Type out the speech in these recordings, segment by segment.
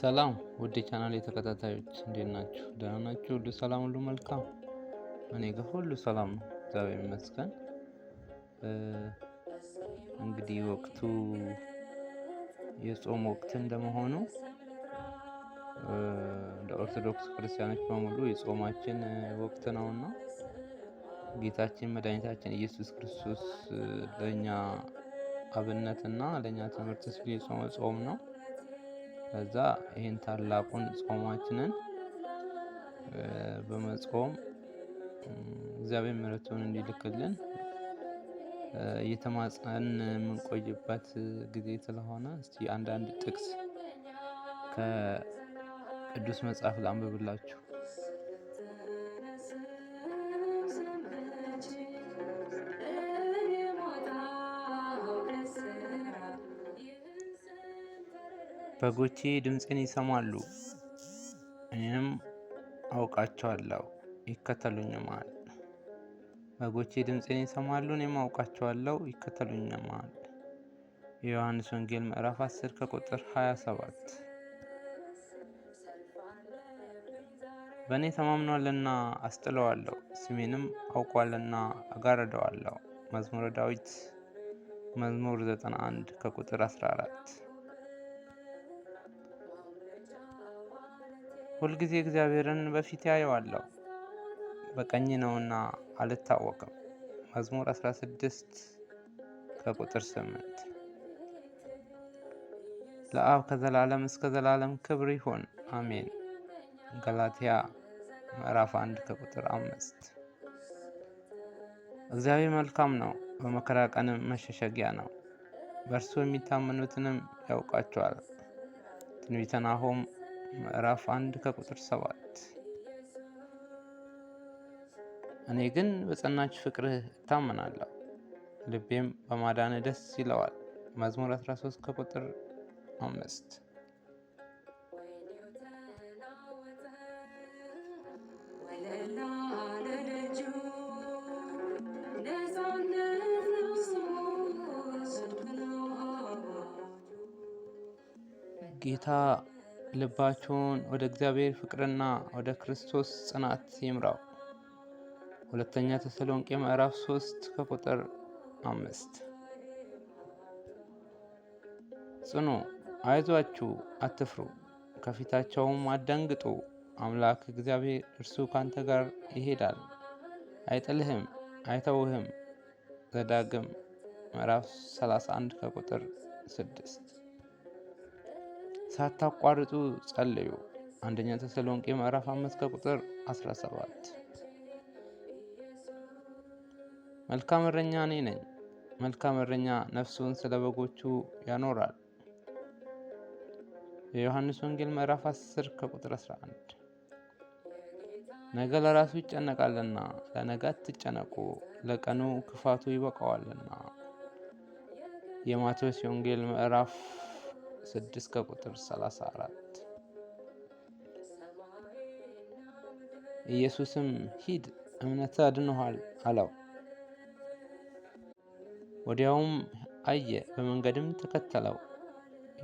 ሰላም ውድ ቻናል ተከታታዮች እንዴት ናችሁ? ደህና ናችሁ? ሁሉ ሰላም፣ ሁሉ መልካም። እኔ ጋር ሁሉ ሰላም ነው፣ እግዚአብሔር ይመስገን። እንግዲህ ወቅቱ የጾም ወቅት እንደመሆኑ እንደ ኦርቶዶክስ ክርስቲያኖች በሙሉ የጾማችን ወቅት ነውና ጌታችን መድኃኒታችን ኢየሱስ ክርስቶስ ለእኛ አብነትና ለእኛ ትምህርት ሲል የጾመ ጾም ነው። ከዛ ይህን ታላቁን ጾማችንን በመጾም እግዚአብሔር ምሕረቱን እንዲልክልን እየተማጸን የምንቆይበት ጊዜ ስለሆነ እስቲ አንዳንድ ጥቅስ ከቅዱስ መጽሐፍ ላንብብላችሁ። በጎቼ ድምፅን ይሰማሉ፣ እኔንም አውቃቸዋለሁ ይከተሉኝማል። በጎቼ ድምፅን ይሰማሉ፣ እኔም አውቃቸዋለሁ ይከተሉኝማል። የዮሐንስ ወንጌል ምዕራፍ 10 ከቁጥር 27 በእኔ ተማምኗልና አስጥለዋለሁ፣ ስሜንም አውቋልና አጋርደዋለሁ። መዝሙረ ዳዊት መዝሙር 91 ከቁጥር 14 ሁልጊዜ እግዚአብሔርን በፊት ያየዋለሁ፣ በቀኝ ነውና አልታወቅም። መዝሙር 16 ከቁጥር 8። ለአብ ከዘላለም እስከ ዘላለም ክብር ይሁን፣ አሜን። ገላትያ ምዕራፍ 1 ከቁጥር 5። እግዚአብሔር መልካም ነው፣ በመከራ ቀንም መሸሸጊያ ነው፣ በእርሱ የሚታመኑትንም ያውቃቸዋል። ትንቢተ ናሆም ምዕራፍ አንድ ከቁጥር ሰባት እኔ ግን በጸናች ፍቅርህ እታመናለሁ፣ ልቤም በማዳን ደስ ይለዋል። መዝሙር 13 ከቁጥር አምስት ጌታ ልባችሁን ወደ እግዚአብሔር ፍቅርና ወደ ክርስቶስ ጽናት ይምራው። ሁለተኛ ተሰሎንቄ ምዕራፍ 3 ከቁጥር አምስት ጽኑ፣ አይዟችሁ፣ አትፍሩ፣ ከፊታቸውም አዳንግጡ አምላክ እግዚአብሔር እርሱ ካንተ ጋር ይሄዳል፣ አይጥልህም፣ አይተውህም። ዘዳግም ምዕራፍ 31 ከቁጥር ስድስት ሳታቋርጡ ጸልዩ። አንደኛ ተሰሎንቄ ምዕራፍ 5 ከቁጥር 17። መልካም እረኛ እኔ ነኝ። መልካም እረኛ ነፍሱን ስለ በጎቹ ያኖራል። የዮሐንስ ወንጌል ምዕራፍ 10 ከቁጥር 11። ነገ ለራሱ ይጨነቃልና ለነገ አትጨነቁ፣ ለቀኑ ክፋቱ ይበቃዋልና። የማቴዎስ ወንጌል ምዕራፍ 6 ከቁጥር 34 ኢየሱስም ሂድ እምነት አድኖሃል አለው። ወዲያውም አየ፣ በመንገድም ተከተለው።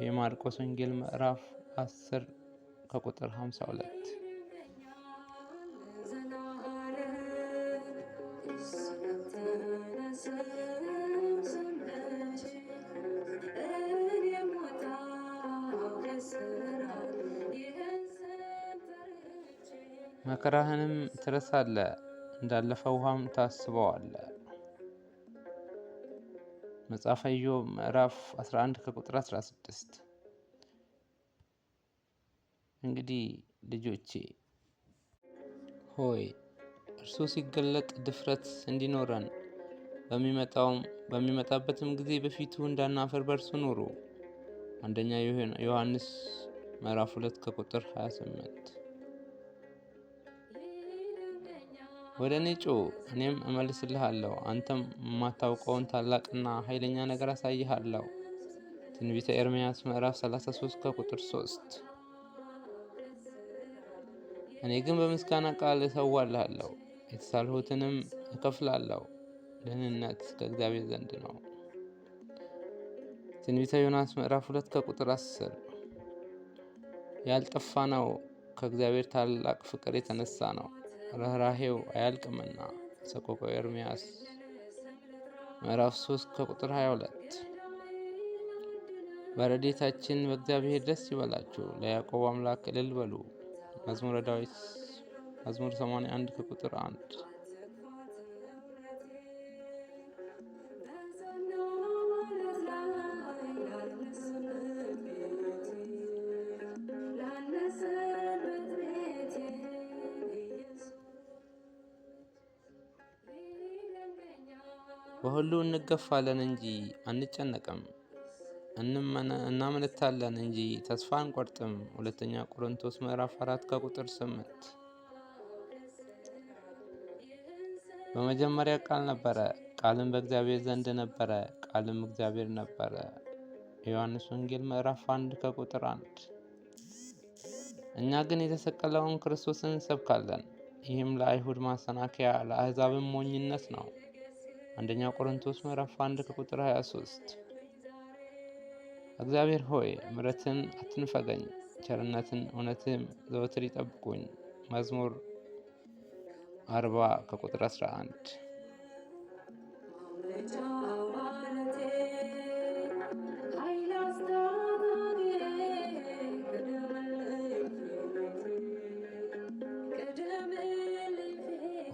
የማርቆስ ወንጌል ምዕራፍ 10 ከቁጥር 52 መከራህንም ትረሳለ፣ እንዳለፈ ውሃም ታስበዋለ። መጽሐፈ ኢዮብ ምዕራፍ 11 ከቁጥር 16። እንግዲህ ልጆቼ ሆይ እርሱ ሲገለጥ ድፍረት እንዲኖረን በሚመጣውም በሚመጣበትም ጊዜ በፊቱ እንዳናፈር በእርሱ ኑሩ። አንደኛ ዮሐንስ ምዕራፍ 2 ከቁጥር 28 ወደ እኔ ጩ እኔም እመልስልሃለሁ፣ አንተም የማታውቀውን ታላቅና ኃይለኛ ነገር አሳይሃለሁ። ትንቢተ ኤርምያስ ምዕራፍ 33 ከቁጥር 3። እኔ ግን በምስጋና ቃል እሰዋልሃለሁ፣ የተሳልሁትንም እከፍላለሁ። ደህንነት ከእግዚአብሔር ዘንድ ነው። ትንቢተ ዮናስ ምዕራፍ 2 ከቁጥር 10 ያልጠፋ ነው ከእግዚአብሔር ታላቅ ፍቅር የተነሳ ነው። ርኅራሄው አያልቅምና። ሰቆቃወ ኤርምያስ ምዕራፍ 3 ከቁጥር 22። በረዴታችን በእግዚአብሔር ደስ ይበላችሁ፣ ለያዕቆብ አምላክ እልል በሉ። መዝሙረ ዳዊት መዝሙር 81 ከቁጥር 1 በሁሉ እንገፋለን እንጂ አንጨነቅም፣ እናመነታለን እንጂ ተስፋ አንቆርጥም። ሁለተኛ ቆሮንቶስ ምዕራፍ አራት ከቁጥር ስምንት በመጀመሪያ ቃል ነበረ፣ ቃልም በእግዚአብሔር ዘንድ ነበረ፣ ቃልም እግዚአብሔር ነበረ። ዮሐንስ ወንጌል ምዕራፍ አንድ ከቁጥር አንድ እኛ ግን የተሰቀለውን ክርስቶስን እንሰብካለን። ይህም ለአይሁድ ማሰናከያ ለአሕዛብም ሞኝነት ነው። አንደኛ ቆሮንቶስ ምዕራፍ 1 ከቁጥር 23። እግዚአብሔር ሆይ ምረትን አትንፈገኝ፣ ቸርነትን እውነትም ዘወትር ይጠብቁኝ። መዝሙር 40 ከቁጥር 11።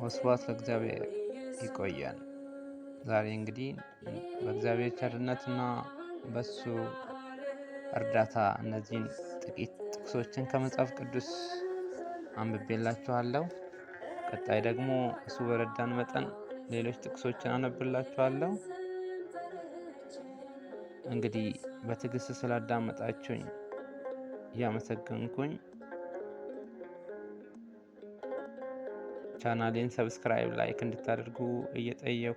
ወስብሐት ለእግዚአብሔር። ይቆያል። ዛሬ እንግዲህ በእግዚአብሔር ቸርነትና በሱ እርዳታ እነዚህን ጥቂት ጥቅሶችን ከመጽሐፍ ቅዱስ አንብቤላችኋለሁ። ቀጣይ ደግሞ እሱ በረዳን መጠን ሌሎች ጥቅሶችን አነብላችኋለሁ። እንግዲህ በትዕግስት ስላዳመጣችሁኝ እያመሰገንኩኝ ቻናሌን ሰብስክራይብ፣ ላይክ እንድታደርጉ እየጠየኩ